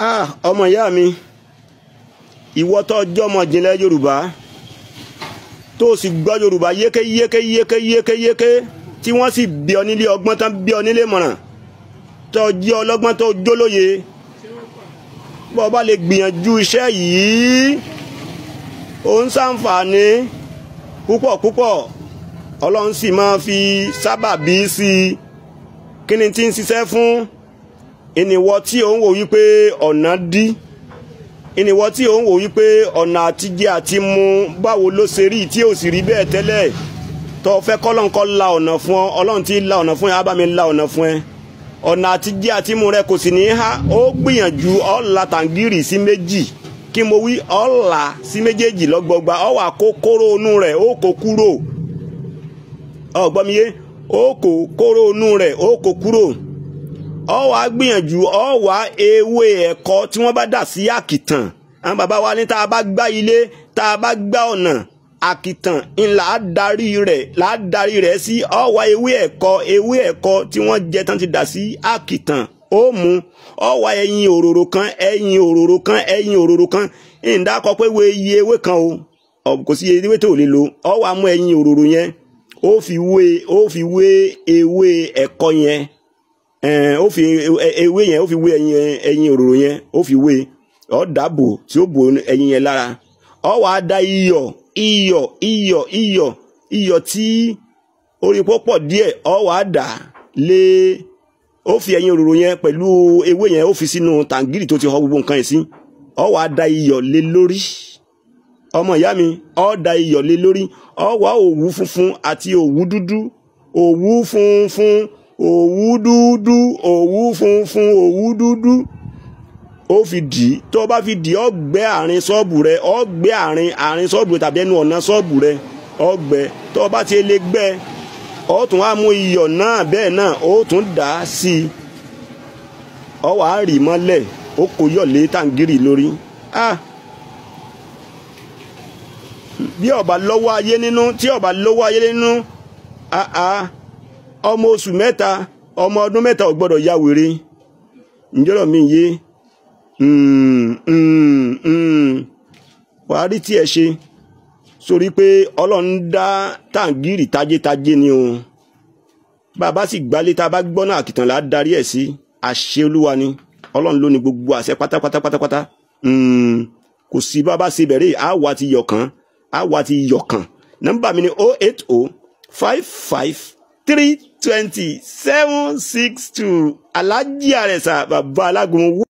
ah ọmọ ìyá mi ìwọ tó jọmọ jinlẹ̀ yorùbá tó o sì gbọ́ yorùbá yéké yéké yéké yéké yéké tí wọ́n sì bí ọ nílé ọgbọ́n tán bí ọ nílé mọ̀ràn tó jẹ́ ọlọ́gbọ́n tó jólóye bó bá lè gbìyànjú iṣẹ́ yìí ó ń ṣàǹfààní púpọ̀ púpọ̀ ọlọ́run sì máa fi sábàbí sí i kí ni tí ń ṣiṣẹ́ fún. ìníwọ́ tí ò ń wò wípé ọ̀nà dí ìníwọ́ tí ò ń wò wípé ọ̀nà àtijẹ àti mú báwo ló ṣe rí tí ò sì rí bẹ́ẹ̀ tẹ́lẹ̀ tó fẹ́ kọ́lọ́n la ọ̀nà fún ọ ọlọ́run tí la ọ̀nà fún ẹ la ọ̀nà fún ẹ ọ̀nà àti rẹ kò sì ní há ó gbìyànjú ọ̀la tàǹgìrì sí méjì kí mo wí ọ̀la sí ọ wà kó kóró ó ọ wàá gbìyànjú ọ wàá ewé ẹ̀kọ́ tí wọ́n bá dà sí àkìtàn àwọn bàbá wa ní tá a bá gbá ilé tá a bá gbá ọ̀nà àkìtàn ńlá darí rẹ̀ là á darí rẹ̀ sí ọ wàá ewé ẹ̀kọ́ ewé ẹ̀kọ́ tí wọ́n jẹ tán ti dà sí àkìtàn ó mu ọ wàá ẹyin òróró kan ẹyin òróró kan ẹyin òróró kan ìdákọ pé wo iye ewé kan o kò sí ewé tó lè lo ọ wàá mú ẹyin òróró yẹn ó fi wé ó fi wé ewé ẹ̀kọ́ yẹn Eh, ó fi e, ewé yẹn ó fi wé ẹyin òróró yẹn ó fi wé ó dàbò tí ó bò ẹyin yẹn lára ó wàá da iyọ̀ iyọ̀ iyọ̀ iyọ̀ iyọ̀ tí orí pọ́pọ̀ díẹ̀ ó wàá dà lé ó fi ẹyin òróró yẹn pẹ̀lú ewé yẹn ó fi sínú tàǹgìrì tó ti họ gbogbo nǹkan yẹn sí ó wàá da iyọ̀ lé lórí ọmọ ìyá mi ó da iyọ̀ lé lórí ó wàá òwú funfun àti òwú dúdú òwú funfun òwú dúdú òwú funfun òwú dúdú ó fi dì í tó bá fi dì í ọgbẹ́ àárín ṣọ́ọ̀bù rẹ ọgbẹ́ àárín àárín ṣọ́ọ̀bù rẹ tàbí ẹnu ọ̀nà ṣọ́ọ̀bù rẹ ọgbẹ́ tó bá ti lè gbẹ́ ọ tún wá mú iyọ̀ náà bẹ́ẹ̀ náà ó tún dà á sí i ọ wàá rì mọ́lẹ̀ ó kò yọ̀ lé tàǹgìrì lórí ah bí ọba lọ́wọ́ ayé nínú tí ọba lọ́wọ́ ayé nínú ah ah ọmọ oṣù mẹ́ta ọmọ ọdún mẹ́ta ò gbọ́dọ̀ ya wèrè ǹjọ́rọ̀ mi yé hmm, hmm, hmm. wàá rí tí ẹ ṣe sórí pé ọlọ́run dá tàǹgìrì tajétajé ni o bàbá sì gbalé tá a bá gbọ́nà àkìtàn là á darí ẹ̀ sí àṣẹ olúwa ni ọlọ́run ló ní gbogbo àṣẹ pátápátá pátápátá kò sí bàbá ṣe bẹ̀rẹ̀ àwa ti yọ̀kan àwa ti yọ̀kan nọ́mbà mi ni 080 55 three twenty seven six two alájí àrẹ̀sà bàbá alágúnmu.